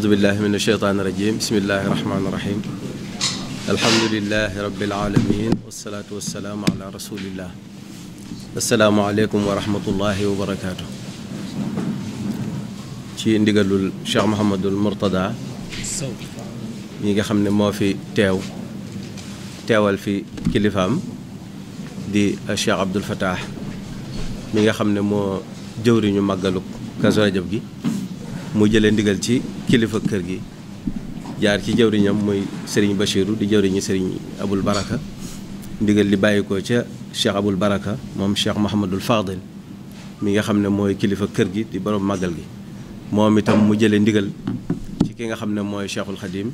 أعوذ بالله من الشيطان الرجيم بسم الله الرحمن الرحيم الحمد لله رب العالمين والصلاة والسلام على رسول الله السلام عليكم ورحمة الله وبركاته ci ndigalul Cheikh Mouhamadul Mourtada ñi nga xam ne moo fi teew teewal fi kilifaam di Cheikh Abdoul Fattah mi nga xam ne moo jëwriñu màggaluk Kazu Rajab gi mu jële ndigal ci kilifa kër gi jaar ci jawriñam muy sëriñ Bachiru di jawriñu sëriñ Abul Baraka ndigal li bàyyikoo ca Cheikh Abul Baraka moom Cheikh Mahamadul Fadil mi nga xam ne mooy kilifa kër gi di borom màggal gi moom itam mu jëlee ndigal ci ki nga xam ne mooy Cheikhul Xadim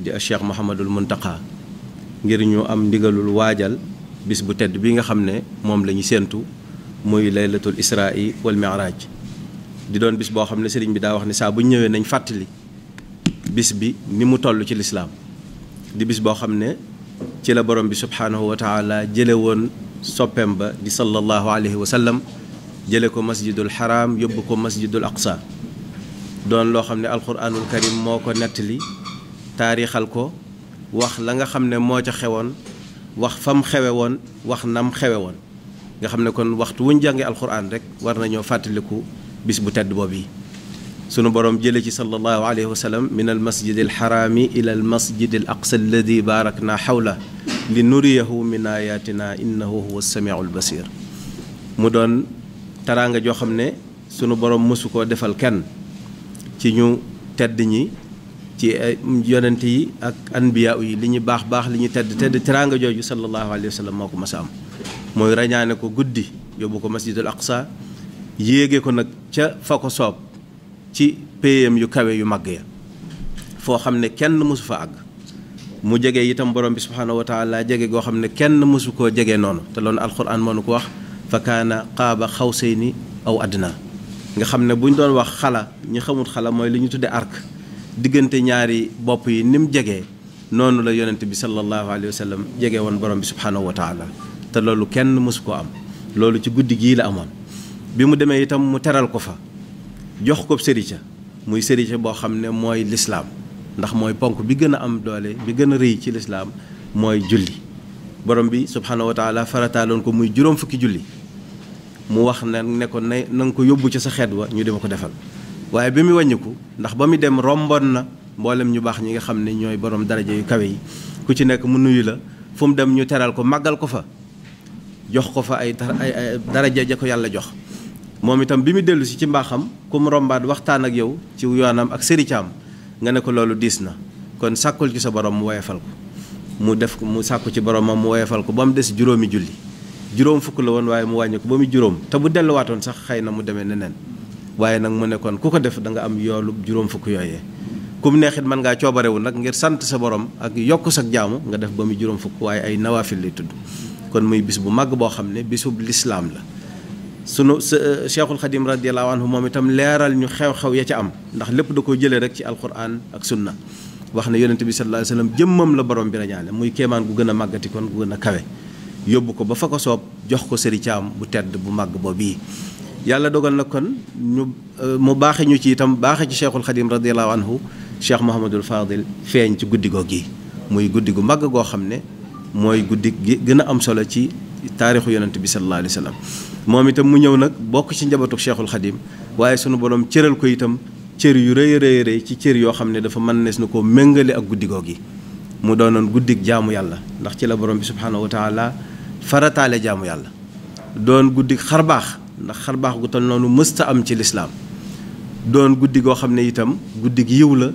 di Cheikh Mahamadul Muntaqa ngir ñu am ndigalul waajal bis bu tedd bi nga xam ne moom la ñu séentu muy laylatul israa wal di doon bis boo xam ne sëriñ bi daa wax ne saa bu ñëwee nañ fàttali bis bi ni mu toll ci lislaam di bis boo xam ne ci la borom bi subhaanahu wa taala jële woon soppeem ba di sallallahu alayhi wa sallam jële ko masjidul haram yóbbu ko masjidul aqsa doon loo xam ne alquranul karim moo ko nettali taarixal ko wax la nga xam ne moo ca xewoon wax fam xewe woon wax nam xewe woon nga xam ne kon waxtu wuñ jànge alquran rek war nañoo fàttaliku bis bu tedd boobu sunu boroom jële ci sallallahu alayhi wa sallam min al masjid al xaraami ila al masjid al aqsa alladi baarakna xawla li nuriyahu min ayatina innahu huwa samiu al basir mu doon taraanga joo xam ne sunu boroom mësu koo defal kenn ci ñu tedd ñi ci yonent yi ak anbiya yi li ñu baax baax li ñu tedd tedd teraanga jooju sallallahu alayhi wa sallam moo ko am mooy rañaane ko guddi yóbbu ko masjidul aqsa yéege ko nag ca fa ko soob ci péyam yu kawe yu mag ya foo xam ne kenn mësu fa àgg mu jege itam borom bi subhaanahu wa taala jege goo xam ne kenn mësu koo jege noonu te loolu alxuraan moo nu ko wax fa kaana qaaba ni aw adna nga xam ne buñ doon wax xala ñi xamul xala mooy li ñu tuddee arc diggante ñaari bopp yi ni mu jegee noonu la yonent bi sallallahu alayhi wa jege woon borom bi subhaanahu wa taala te loolu kenn mësu koo am loolu ci guddi gii la amoon bi mu demee itam mu teral ko fa jox ko sërica muy sërica boo xam ne mooy lislaam ndax mooy ponk bi gën a am doole bi gën a rëy ci lislaam mooy julli borom bi subhaanahu wa taala farataaloon ko muy juróom fukki julli mu wax na ne ko na ko yóbbu ci sa xeet wa ñu dima ko defal waaye bi mu wàññiku ndax ba mu dem romboon na mboolem ñu baax ñi nga xam ne ñooy borom daraja yu kawe yi ku ci nekk mu nuyu la fu mu dem ñu teral ko màggal ko fa jox ko fa ay ay daraja ja ko yàlla jox moom itam bi mu dellu si ci mbaaxam ku mu rombaat waxtaan ak yow ci yoonam ak sëricaam nga ne ko loolu diis na kon sàkkul ci sa borom mu woyefal ko mu def ko mu sàkku ci boromam mu woyefal ko ba mu des juróomi julli juróom fukk la woon waaye mu wàññi ko ba muy juróom te bu delluwaatoon sax xëy na mu demee neneen waaye nag mu ne kon ku ko def da nga am yoolu juróom fukk yooyee ku mu neexit mën ngaa coobarewul nag ngir sant sa borom ak yokk sa jaamu nga def ba muy juróom fukk waaye ay nawaafil lay tudd kon muy bis bu màgg boo xam ne bisub lislaam sunu eh, cheikhul xadim radiallahu anhu moom itam leeral ñu xew-xew ya ca am ndax lépp da ko jëlee rek ci alquran ak sunna wax ne yonente bi sallallahu alayhi wasallam jëmmam la borom bi rañaale muy kéemaan gu gën a màggati kon gu gën yóbbu ko ba fa soob jox ko sëri caam bu tedd bu màgg boobu bii yàlla dogal na kon ñu eh, mu baaxe ñu ci itam baaxe ci cheikhul xadim radiallahu anhu cheikh mohamadul fadil feeñ ci guddi gi muy guddi gu màgg goo xam ne mooy guddi gi gën a am solo ci taarixu yonente bi sallallahu alayhi moom itam mu ñëw nag bokk ci njabootu cheikhul xadim waaye sunu borom cëral ko itam cër yu rëy rëy rëy ci cër yoo xam ne dafa mën nees na koo méngale ak guddigoo gi mu doonoon guddig jaamu yàlla ndax ci la borom bi subhaanahu wa taala farataale jaamu yàlla doon guddig baax ndax xarbaax gu tal noonu mësta am ci lislaam doon guddi goo xam ne itam guddi guddig yiw la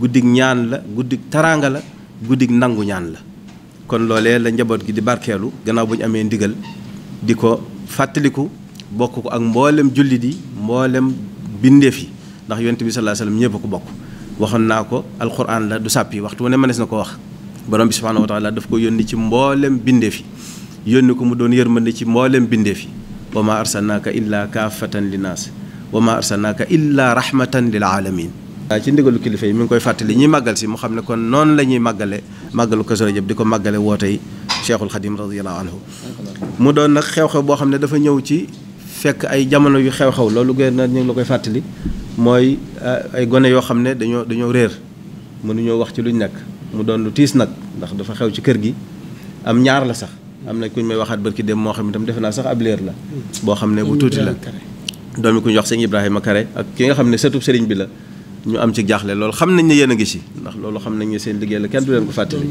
guddig ñaan la guddi taraanga la guddig nangu ñaan la kon loolee la njaboot gi di barkeelu gannaaw bu amee ndigal fàttaliku bokk ko ak mboolem jullit yi mboolem bindeef yi ndax yonent bi sallallahu alayhi wasallam ñëpp ko bokk waxoon naa ko alquran la du sàppi waxtu wu ne mënees na ko wax borom bi subhaanahu wa taala daf ko yónni ci mboolem bindeef yi yónni ko mu doon yërmande ci mboolem bindeef yi wa ma arsalnaaka illa kaafatan linnaas wa ma arsalnaaka illa rahmatan lil alamin waaw ci ndigalu kilifa yi mi ngi koy fàttali ñuy màggal si mu xam ne kon noonu la ñuy màggale màggalu Kazu Rajab di ko màggale woote yi cheikhul xadim radiallahu anhu mu doon nag xew-xew boo xam ne dafa ñëw ci fekk ay jamono yu xew-xew loolu gën na ñu la koy fàttali mooy eh, ay gone yoo xam ne dañoo dañoo réer mënuñoo wax ci luñ nekk mu doon lu tiis nag ndax dafa xew ci kër gi am ñaar la sax am na kuñ may waxaat barki dem moo xam ne itam defe naa sax ab leer la boo xam ne bu tuuti la doomi kuñ wax sëñ Ibrahima Kare ak ki nga xam ne sëtub sëriñ bi la ñu am ci jaaxle loolu xam nañ ne yéen a ngi si ndax loolu xam nañ ne seen liggéey la kenn du leen ko fàttali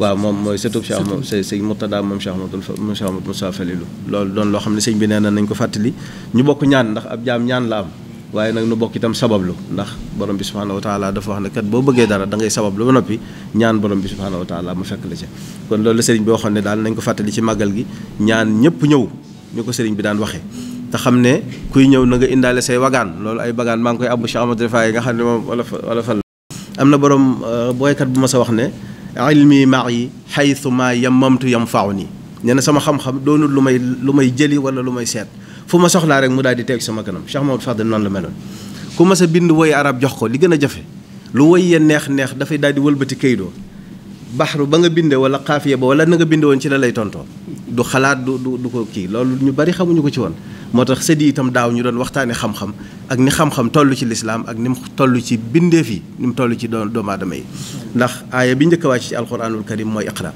waaw moom mooy sëtub Cheikh moom sëñ Murtada moom Cheikh Amadou moom Cheikh Amadou Moussa ne sëñ na nañ ko fàttali ñu bokk ñaan ndax ab jaam ñaan la am waaye nag nu bokk itam sabablu ndax borom bi subhaanahu wa taala dafa wax ne kat boo bëggee dara da ngay sabablu ba noppi ñaan borom bi subhaanahu wa taala mu fekk la ca kon loolu la sëriñ bi ne daal nañ ko fàttali ci màggal gi ñaan ñëpp ñëw ñu ko sëriñ bi daan waxee te xam ne kuy ñëw na nga indaale say wagaan loolu ay bagaan maa ngi koy abbu Cheikh Amadou Rifaay nga xam ne moom wala wala fal am na borom euh, boykat bu ma sa wax ne ilmi maa yi xaytu maa yamamtu yam faaw nii nee na sama xam-xam doonul lu may lu may jëli wala lu may seet fu ma soxlaa rek mu daal di teg sama kanam Cheikh Mamadou Fadel noonu la meloon ku ma sa bind woy arab jox ko li gën a jafe lu woy ya neex neex dafay daal di wëlbati kaydoo baxru ba nga binde wala xaafiya ba wala na nga woon ci la lay tontoo du xalaat du du du ko kii loolu ñu bari xamuñu ko ci woon moo tax sëdd yi itam daaw ñu doon waxtaane xam-xam ak ni xam-xam toll ci lislaam ak ni mu toll ci bindeef yi ni mu toll ci doomu aadama yi ndax aaya bi njëkk a wàcc ci alquranul karim mooy iqra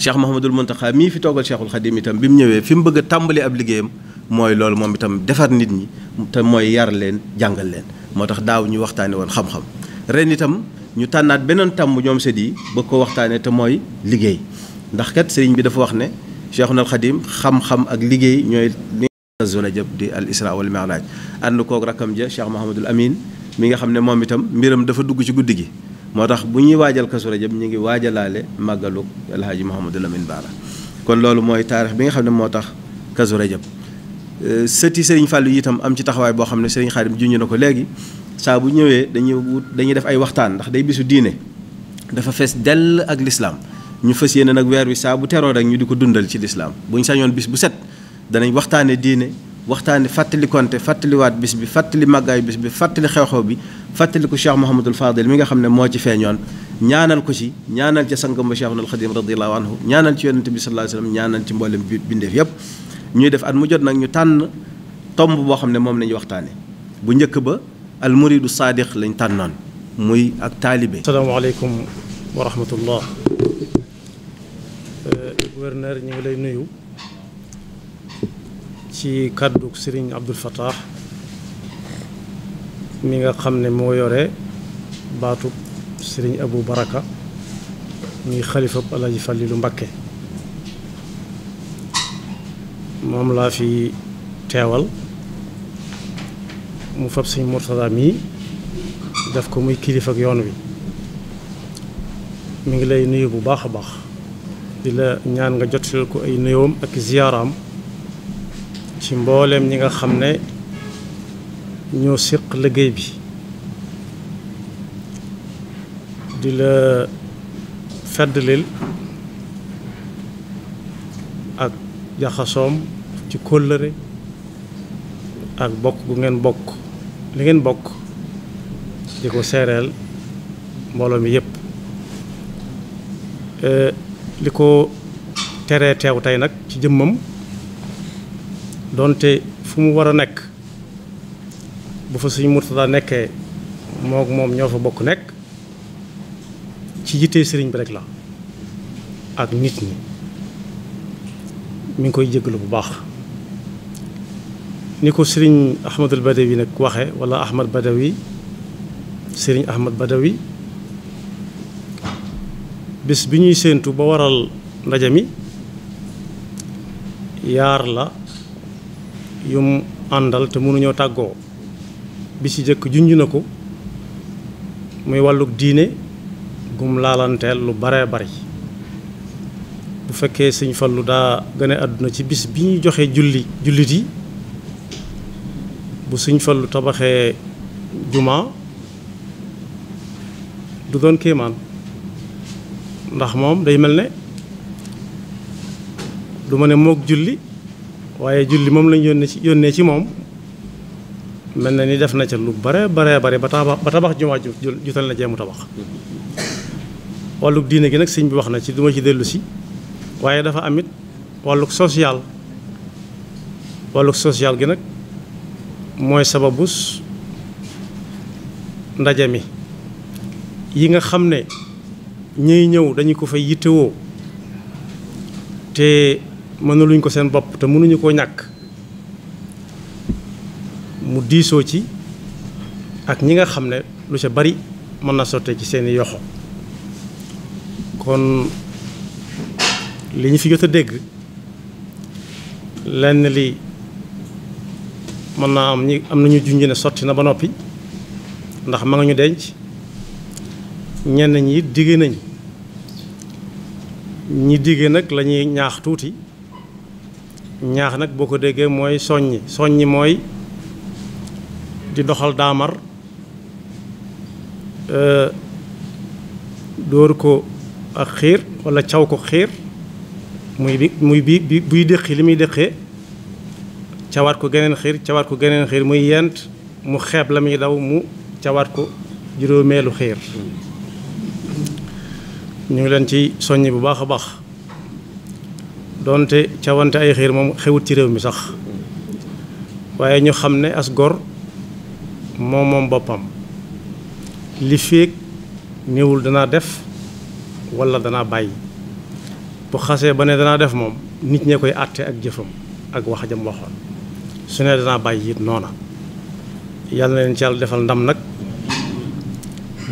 cheikh mahamadul muntaxa mii fi toogal cheikhul xadim itam bi mu ñëwee fi mu bëgg a tàmbali ab liggéeyam mooy loolu moom itam defar nit ñi te mooy yar leen jàngal leen moo tax daaw ñu waxtaane woon xam ren itam ñu tànnaat beneen tàmb ñoom sëdd yi bëgg ko waxtaane te mooy liggéey ndax kat sëriñ bi dafa wax ne Cheikhuna al xam-xam ak liggéey ñooy li zona di al isra wal mi'raj ànd koog rakkam ja Cheikh Mahamadul Amin mi nga xam ne moom itam mbiram dafa dugg ci guddi gi moo tax bu ñuy waajal Kazu Rajab ñu ngi waajalaale màggalu alhaaji Mahamadul Amin Baara kon loolu mooy taarix bi nga xam ne moo tax Kazu Rajab euh, sëti Serigne Fallou itam am ci taxawaay boo xam ne Serigne Xaadim junj na ko léegi saa bu ñëwee dañuy wut dañuy def ay waxtaan ndax day bisu diine dafa fees dell ak lislaam ñu fas yéene nag weer wi saa bu teroo rek ñu di ko dundal ci lislaam buñ sañoon bis bu set danañ waxtaane diine waxtaane fàttali konte fàttaliwaat bis bi fàttali màggaayu bis bi fàttali xew-xew bi fàttali ko Cheikh Mouhamadul Fadil mi nga xam ne moo ci feeñoon ñaanal ko ci ñaanal ca sangam ba Cheikhul Xadim radiallahu anhu ñaanal ci yonente bi sallallahu alayhi wasallam ñaanal ci mboolem bindeef yépp ñuy def at mu jot nag ñu tànn tomb boo xam ne moom lañu waxtaane bu njëkk ba al muridu saadiq lañ tànnoon muy ak taalibe asalaamaaleykum wa rahmatullah Euh, gouverneur ñu ngi lay nuyu ci kàddu Serigne Abdoul Fattah mi nga xam ne moo yore baatub Serigne Abou Baraka muy xalifab Alaji lu Mbakke moom laa fi teewal mu fab sëñ Mourtada mii def ko muy kilifa yoon wi mu ngi lay nuyu bu baax a baax di la ñaan nga jot jotal ko ay nuyoom ak ziyaaraam ci mbooleem ñi nga xam ne ñoo séq liggéey bi di la feddlil ak jaxasoom ci kóllëre ak bokk gu ngeen bokk li ngeen bokk di ko seereel mbooloo mi yépp eh, li ko teree teew tey nag ci jëmmam donte fu mu war a nekk bu fa suñu Murtada nekkee mook moom ñoo fa bokk nekk ci yitte sëriñ bi rek la ak nit ñi mu ngi koy jégalu bu baax ni ko sëriñ Ahmadul Badawi nag waxe wala Ahmad Badawi sëriñ Ahmad Badawi bis bi ñuy séentu ba waral ndaje mi yaar la yum àndal te mënuñoo tàggoo bi ci jëkk junj na ko muy wàllug diine gum laalanteel lu baree bari bu fekkee sëñ Fallu daa gane àdduna ci bis bi ñu joxe julli jullit yi bu sëñ lu tabaxee jumaa du doon kéemaan ndax moom day mel ne du ma ne moog julli waaye julli moom lañ yónnee ci yónnee ci moom mel na ni def na ca lu bare bare bare ba tabax ba tabax jumaa jutal na jeemu tabax wàlluk diine gi nag sëñ bi wax na ci duma ci dellu si waaye dafa amit wàlluk social wàlluk social gi nag mooy sababus ndaje mi yi nga xam ne ñiy ñëw dañu ko fay yittewoo te mën na luñ ko seen bopp te mënuñu koo ñàkk mu diisoo ci ak ñi nga xam ne lu ca bari mën na sottee ci seeni yoxo kon li ñu fi jot a dégg lenn li mën naa am ñi am nañu junj ne sotti na ba noppi ndax ma nga ñu denc ñenn ñi it digge nañ ñi digge nag lañuy ñaax tuuti ñaax nag boo ko déggee mooy soññi soññi mooy di doxal daamar euh, dóor ko ak xiir walla caw ko xiir muy bi muy bi bi buy dëqi li muy dëqee cawaat ko geneen xiir cawaat ko geneen xiir muy yent mu xeeb la muy daw mu cawaat ko juróomeelu xiir ñu ngi leen ci soññi bu baax a baax doonte cawante ay xiir moom xewut ci réew mi sax waaye ñu xam ne as gor moom moom boppam li féeg néewul danaa def wala danaa bàyyi bu xasee ba ne danaa def moom nit ñee koy àtte ak jëfam ak wax jam waxoon su ne danaa bàyyi it noona yàlla na leen ci yàlla defal ndam nag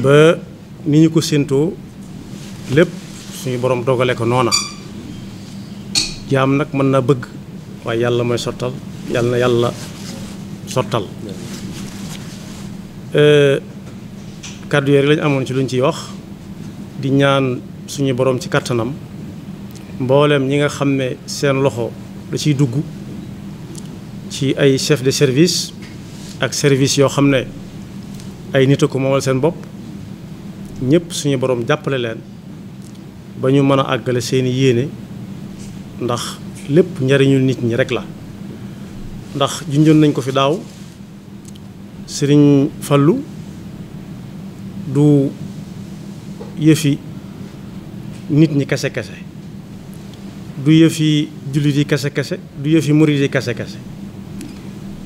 ba ni ñu ko séentoo lépp suñu borom dogale ko noona jaam nag mën naa bëgg waaye yàlla mooy sottal yàlla na yàlla sottal euh, kàddu yooyu lañu amoon ci lu ñu ciy wax di ñaan suñu borom ci kattanam mbooleem ñi nga xam ne seen loxo da ciy dugg ci ay chef de service ak service yoo xam ne ay nit a moomal seen bopp ñëpp suñu borom jàppale leen ba ñu mën a àggale seeni yéene ndax lépp njariñul nit ñi rek la ndax junjoon nañ ko fi daaw sëriñ Fallou du yëfi nit ñi kese kese du yëfi jullit yi kese kese du yëfi murit yi kese kese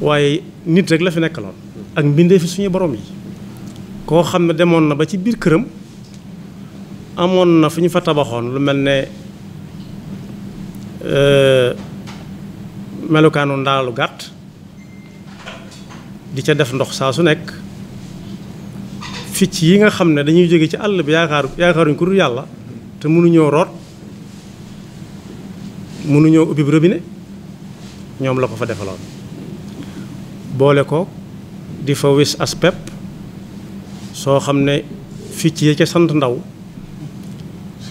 waaye nit rek la fi nekkaloon ak mbindeefi suñu borom yi koo xam ne demoon na ba ci biir këram amoon na fu ñu fa tabaxoon lu mel ne euh, melokaanu ndaalu gàtt di ca def ndox saa su nekk picc yi nga xam ne dañuy jóge ci àll bi yaakaar yaakaaruñ ku dul yàlla te mënuñoo root mënuñoo ubbi robinet ñoom la ko fa defaloon boole ko di fa wis as soo xam ne picc yi ca sant ndaw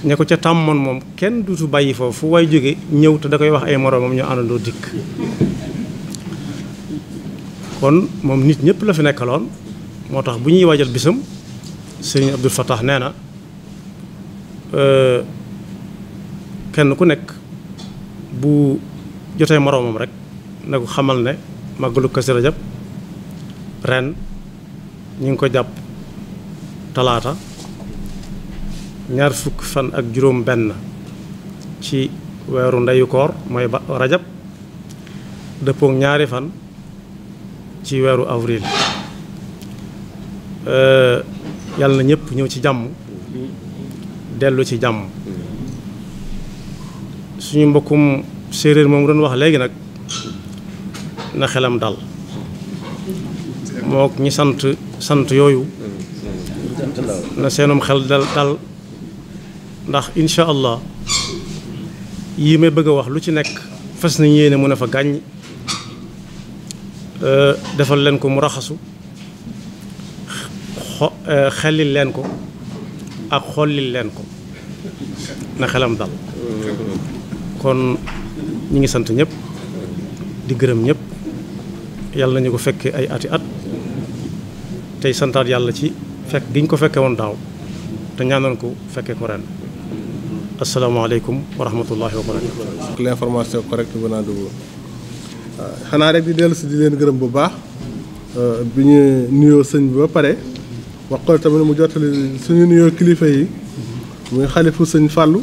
ña ko ca tàmmoon moom kenn duutu bàyyi foofu fu waay jóge ñëw te da koy wax ay moroomam ñu àndandoo dikk kon moom nit ñëpp la fi nekkaloon moo tax bu ñuy wajal bisam sëriñ Abdul Fattah nee na euh, kenn ku nekk bu jotee moroomam rek na xamal ne màggalu Kazu Rajab ren ñu ngi ko jàpp talaata ñaar fukk fan ak juróom benn ci weeru ndeyu mooy ba rajab dëppook ñaari fan ci weeru avril euh, yàlla na ñëpp ñëw ci jàmm dellu ci jàmm suñu mbokkum séeréer moom doon wax léegi nag na xelam dal mook ñi sant sant yooyu na seenum xel dal dal ndax incha allah yii may bëgg a wax lu ci nekk fas nañ yéene mën a fa gàññ euh, defal leen ko mu raxasu euh, xellil leen ko ak xollil leen ko na xelam dal kon ñi ngi sant ñëpp di gërëm ñëpp yàlla nañu ko fekkee ay ati at tey santaat yàlla ci fekk gi ñu ko fekkee woon daaw te ñaanoon ko fekkee ko ren asalaamaaleykum wa rahmatullahi wa barakatu l'information correcte venant de vous xanaa rek di dellu si di leen gërëm bu baax euh, bi ñu nuyoo sëñ bi ba pare wax ko tamit mu jottali suñu nuyoo kilifa yi muy xalifu sëñ fàllu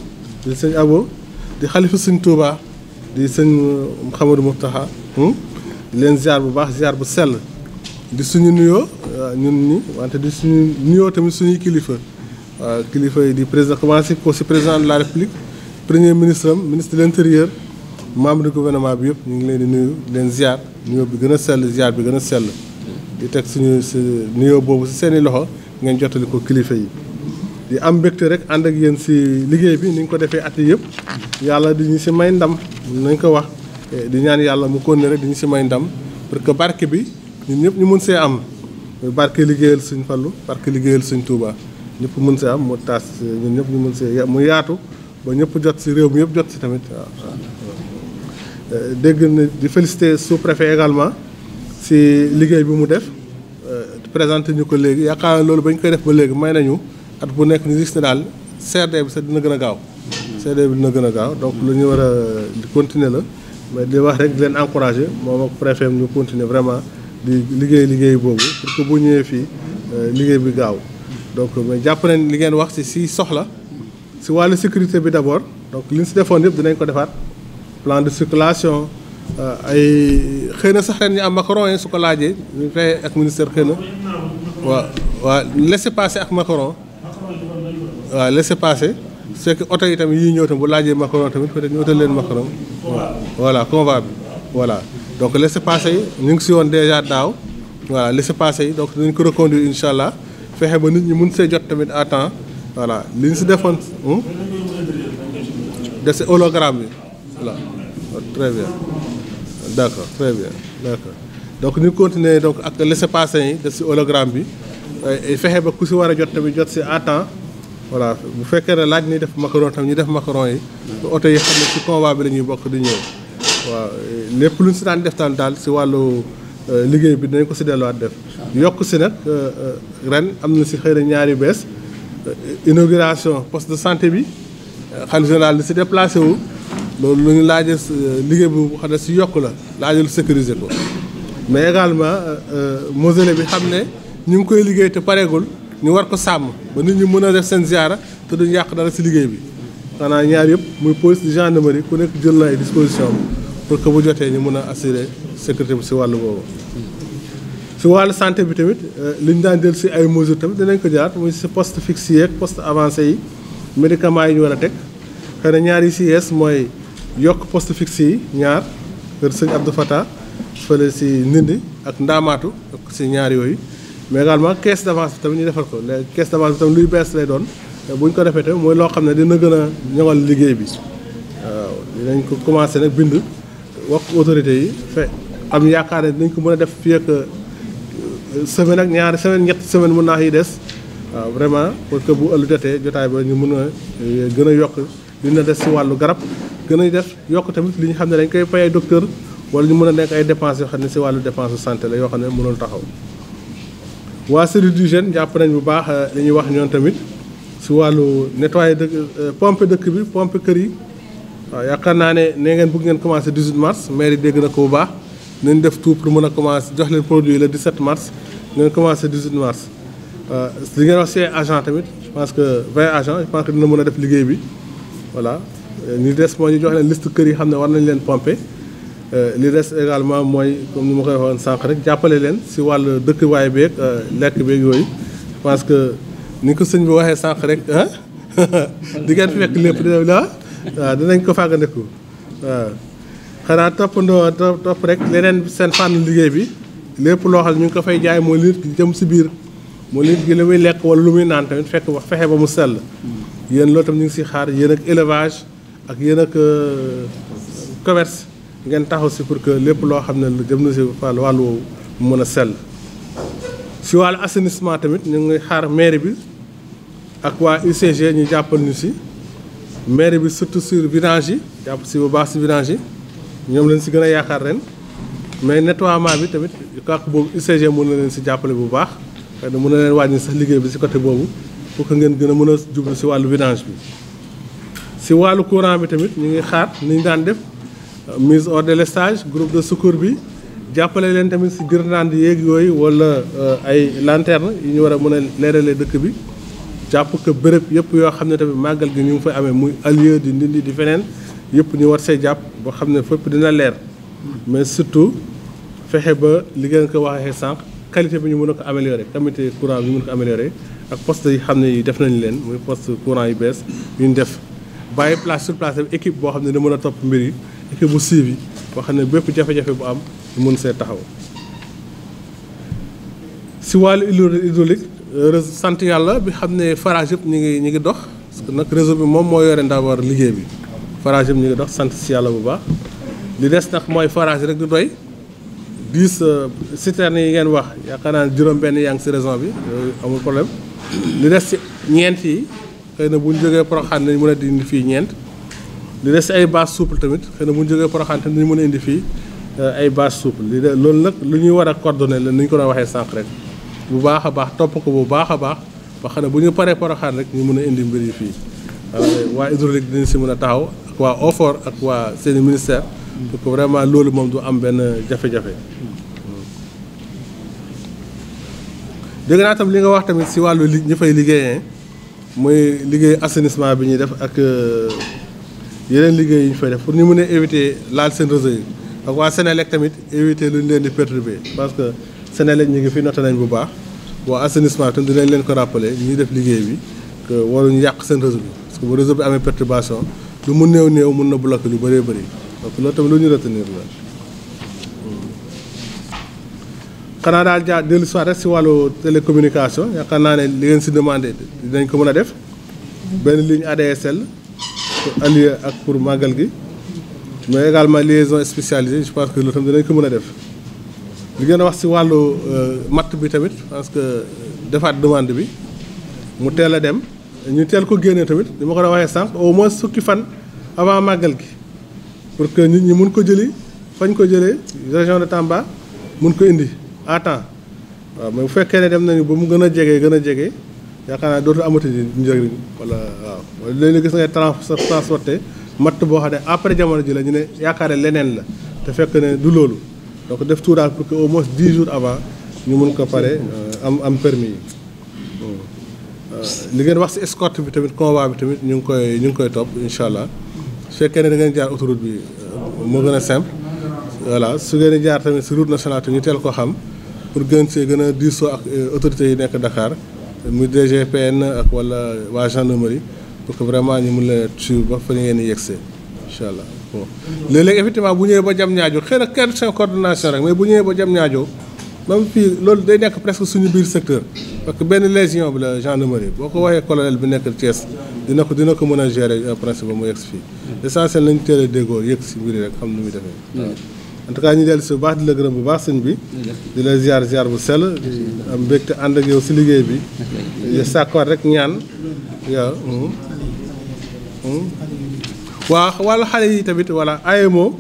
di sëñ Abo di xalifu sëñ Touba di sëñ Mouhamadou Mouftaha hmm? di leen ziar bu baax ziar bu sell di suñu nuyoo euh, ñun ñi wante di suñu nuyoo tamit suñuy kilifa waaw euh, kilifa yi di président commencé ko si président de la république premier ministre am ministre de l' intérieur membre du gouvernement bi yëpp ñu ngi leen di nuyu leen ziar nuyoo bi gën a sell ziar bi gën a sell di teg suñu si nuyoo boobu si seen i loxo ngeen jottali ko kilifa yi. di am mbégte rek ànd ak yéen si liggéey bi ni ñu ko defee at yi yëpp yàlla di ñu si may ndam nañ ko wax eh, di ñaan yàlla mu kon rek di ñu si may ndam pour que barke bi ñun ñëpp ñu mën see am barke liggéeyal suñ Fallu barke liggéeyal suñ Touba. ñëpp mën see am mu taas ñun ñëpp ñu mën see mu yaatu ba ñëpp jot si réew mi yëpp jot si tamit waaw euh, dégg na di féliciter sous-préfet également si liggéey bi mu def euh, présenté ñu ko léegi yaakaar loolu ba ñu koy def ba léegi may nañu at bu nekk ñu gis ne daal CRD bi sax dina gën a gaaw CRD bi dina gën a gaaw donc lu ñu war a di continuer la mais di wax rek di leen encourager moom ak préfet ñu continuer vraiment di liggéey liggéey boobu pour que bu ñëwee fii euh, liggéey bi gaaw donc euh, mais jàpp nañ li ngeen wax ci si soxla si wàllu sécurité bi d'abord donc li ñu si defoon yëpp dinañ ko defaat plan de circulation euh, ay xëy na sax ren ñu am macaron yi su ko laajee ñu fexe ak ministère xëy na waaw waaw laisser passer ak macaron waaw laisser passer c'est que oto yi tamit yii ñëw tamit bu laajee macaron tamit peut-être ñu utal leen macaron waaw voilà convoi bi voilà donc laisser passer yi ñu ngi si woon déjà daaw voilà laisser passer yi donc dinañ ko reconduire incha allah fexe ba nit ñi mun see jot tamit à temps voilà li ñu si defoon hmm? si hologramme bi voilà très bien d' accord très bien d' donc ñu continuer donc ak laissez-passer yi def si hologramme bi fexe ba ku si war a jot tamit jot si à temps voilà bu fekkee ne laaj ni def macaron tam ñu def macaron yi oto yi xam ne si convoi bi la bokk di ñëw waaw lépp lu ñu si daan def daal si wàllu Euh, liggéey bi dañ ko si delluwaat def yokk si nag euh, euh, ren am na si xëy na ñaari bees inauguration poste de santé bi xalifa général di si déplacé wu loolu lu ñu laaje liggéey bu xam ne si yokk la sécuriser ko mais également mausolée bi xam ne ñu ngi koy liggéey te pareegul ñu war ko sàmm ba nit ñi mën a def seen ziara te duñ yàq dara si liggéey bi xanaa ñaar yëpp muy police di gendarmerie ku nekk jël na ay disposition bi pour que bu jotee ñu mën a assurer sécurité bi si wàllu boobu. si wàll santé bi tamit euh, li ñu daan jël si ay mesures tamit ko jaar muy si poste fixe yi ak poste yi ñu war a teg xëy na ñaar yi si yees mooy yokk poste fixe yi ñaar kër sëñ Abdou Fata fële si Ndindi ak Ndaamaatu ak si ñaar yooyu mais également caisse d'avance bi tamit ñu defar ko léegi caisse d'avance bi tamit luy bees lay doon bu ko defee tamit mooy loo xam ne dina gën a ñëwal liggéey bi waaw dinañ ko commencé nag bind. wax autorité yi fe am yaakaar ne dinañ ko mën a def fii ak euh, semaine ak ñaari semaine ñett semaine mën naa yi des waaw vraiment pour que bu ëllu jotee jotaay ba ñu mën a euh, gën a yokk li na des si wàllu garab gën a def yokk tamit li ñu xam ne dañ koy fayee docteur wala ñu mën a nekk ay dépenses yoo xam ne si wàllu dépense santé la yoo xam ne mënul taxaw waa service d'hygiène jàpp nañ bu baax euh, li ñuy wax ñoom tamit si wàllu nettoyer dëkk pompe dëkk bi pompe kër yi waaw yaakaar naa ne nee ngeen bëgg ngeen commencé 18 mars mais yi dégg na ko bu baax nañ def tout pour mën a commencé jox leen produit yi le 17 mars ngeen commencé 18 mars. Euh, li ngeen wax si agent tamit parce que 20 agent je que dina mën a def liggéey bi voilà ni euh, des mooy ñu jox leen liste kër yi xam ne war nañ leen pomper euh, li des également mooy comme ni ma koy waxoon sànq rek jàppale leen si wàllu dëkkuwaay beeg lekk beeg yooyu parce que ni ko sëñ bi sànq rek ah lépp dina waaw dinañ ko fàggandiku waaw xanaa toppandoo topp rek leneen seen fànn liggéey bi lépp loo xam ne ñu ngi ko fay jaay mooy nit ki jëm si biir mooy nit gi li muy lu muy naan tamit fekk wax fexe ba mu sell yéen loo tam ñu ngi si xaar yéen ak élevage ak yéen ak euh, commerce ngeen taxaw si pour que lépp loo xam ne jëm na si wàllu woowu mu mën a sell si wàllu assainissement tamit ñu ngi xaar mairie bi ak waa UCG ñu jàppal ñu si maire bi surtout sur vidange yi jàpp si bu baax si vidange yi ñoom lañ si gën a yaakaar ren mais nettoiement bi tamit kàq boobu UCG mën na leen si jàppale bu baax xëy na mun na leen wàññi sax liggéey bi si côté boobu pour que ngeen gën a mën a jublu si wàllu vidange bi. si wàllu courant bi tamit ñu ngi xaar ni ñu daan def euh, mise hors délestage groupe de secours bi jàppale leen tamit si guirlande yéeg yooyu wala euh, ay lanterne yi ñu war a mën a leeralee dëkk bi. jàpp que béréb yëpp yoo xam ne tamit màggal gi ñu mu fay amee muy alieu di nit ndindi di feneen yëpp ñu war see jàpp boo xam ne fépp dina leer mais surtout fexe ba li ngeen ko waxee sànq qualité bi ñu mën a ko améliorer comité courant bi ñu mën ko améliorer ak poste yi xam ne yi def nañu leen muy poste courant yu bees yu ñu def bàyyi place sur place tamit équipe boo xam ne da mën a topp mbir yi équipe bu suivi boo xam ne bépp jafe-jafe bu am ñu mën see taxaw heureuse sant yàlla bi xam ne forage yëpp ñu ngi ñu ngi dox parce que nag réseau bi moom moo yore d'abord liggéey bi forage yëpp ñu ngi dox sant si yàlla bu baax li des nag mooy forage rek du doy dix euh, citernes yi ngeen wax yaakaar juróom-benn yaa ngi si raison bi amul problème li des si ñeent yi xëy na bu ñu jógee Porokhane nañ mën a indi fii ñeent li des si ay bâche souple tamit xëy na bu ñu jógee mën a indi fii euh, ay bâche souple li de loolu nag lu ñuy war a cordone la ni ñu ko doon waxee sànq rek bu baax a baax topp ko bu baax a baax ba xam ne bu ñu paree poroxaan rek ñu mën a indi mbir yi fii euh, waa hydraulique dinañ si mën a taxaw ak waa OFOR ak waa seeni ministère pour que vraiment loolu moom du am benn jafe-jafe dégg naa tam li nga wax tamit si wàllu li ñu fay liggéeyee liggéey assainissement bi ñuy def ak euh, yeneen liggéey yi ñu pour ñu mën a éviter laal seen réseau waa Sénélec tamit éviter lu ñu leen di perturber parce que Senelec ñu ngi fi noté nañ bu baax waa assainissement tam dinañ leen ko rappeler ñuy def liggéey bi que waruñu yàq seen réseau bi parce que bu réseau bi amee perturbation lu mu néew néew mun na bloqué lu bëree bëri donc loolu tamit lu ñu retenir la xanaa daal jaar dellu si si wàllu télécommunication yaakaar naa ne li si demandé dinañ ko mën a def benn ligne ADSL pour allier ak pour màggal gi mais également liaison spécialisée je pense que loolu tam dinañ ko mën a def li a wax si wàllu euh, matt bi tamit parce que defaat demande bi mu teel a dem ñu teel ko génnee tamit li ma ko doon waxee sànq au moins sukki fan avant màggal gi pour que nit ñi mun ko jëli fañ ko jëlee région de Tamba mun ko indi à temps waaw mais bu fekkee ne dem nañu ba mu gën a jege gën a jege yaakaar naa dootu amati njëriñ wala waaw léeg-léeg gis nga transporté matt boo xam ne après jamono ji la ñu ne yaakaar leneen la te fekk ne du loolu. donc def tout daal pour que au moins dix jours avant ñu mun ko pare euh, am am permis yi li ngeen wax ci escorte bi tamit convoi bi tamit ñu ngi koy ñu ngi koy topp incha allah su fekkee da ngeen jaar autoroute bi euh, moo gën a voilà su ngeen jaar tamit ci route nationale te ñu teel ko xam pour gën see gën a diisoo ak euh, autorité yi nekk Dakar muy DGPN ak wala waa gendarmerie pour que vraiment ñu mun la suivre ba fa ngeen di yegsee incha allah. bon léeg-léeg effectivement bu ñëwee ba jam ñaajo xëy na kenn seen coordination rek mais bu ñëwee ba jam ñaajo même fii loolu day nekk presque suñu biir secteur parce que benn légion bi la gendarmerie boo ko waxee colonel bi nekk Thiès dina ko dina ko mën a gérer euh, principe ba mu yegg si fii l'essentiel nañu teel a déggoo yegg si mbir yi rek xam nu muy defee mm. en tout cas ñu dellu si bu baax di la gërëm bu baax sëñ bi mm. dina la ziar bu sell am mbégte ànd ak yow si liggéey bi mm. di sàkkuwaat rek ñaan waaw waa wàllu xale yi tamit voilà AEMO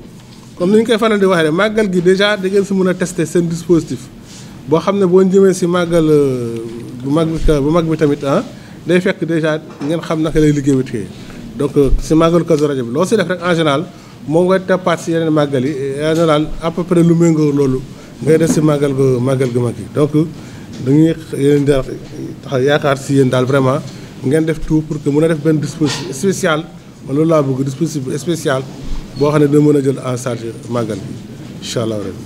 comme ni ñu koy faral di waxee màggal gi dèjà da ngeen si mën a teste seen dispositif boo xam ne boo jëmee si màggal euh, bu mag bi bu mag bi tamit ah day fekk dèjà ngeen xam naka lay liggéeyatee donc euh, si màggal Kazu Rajab bi loo si def rek en général moom nga tappaat si yeneen màggal yi en général près lu méngoo loolu ngay def si màggal gu màggal gu mag yi donc dañuy yéen daal tax yaakaar si yéen daal vraiment ngeen def tout pour que mën a def benn dispositif spécial. man laa bëgg dispositif spécial boo xam ne dina mën a jël en charge màggal bi incha allah ren.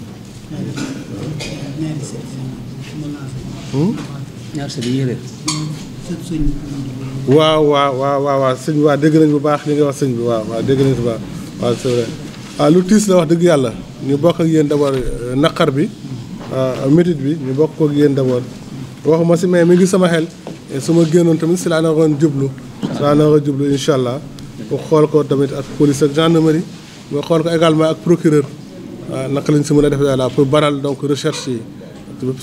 waaw waaw waaw waaw sëñ bi waaw dégg bu baax li nga wax sëñ bi waaw waaw dégg nañ ah, lu tiis la wax dëgg yàlla ñu bokk ak yéen d'abord euh, naqar bi ah, métit bi ñu bokk ak yéen d'abord ma si mais mi ngi sama xel su ma génnoon tamit si laa naroon jublu si laa naroon jublu incha allah nga xool ko tamit ak police ak gendarmerie nga xool ko également ak procureur waaw naka lañ si mën a def daal pour baral donc recherche yi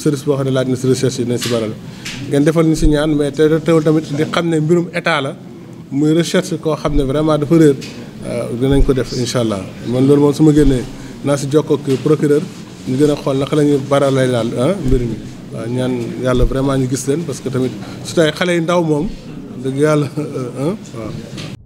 service boo xam ne laa na si recherche yi nañ si baral ngeen defal ñu si ñaan mais te teewul tamit di xam ne mbirum état la muy recherche koo xam ne vraiment dafa réer dinañ ko def incha allah man loolu moom su ma génnee naa si jokkoo ak procureur ñu gën a xool naka la baral baralay daal ah, mbir mi waaw ñaan yàlla vraiment ñu gis leen parce que tamit su xale yi ndaw moom dëgg yàlla ah, waaw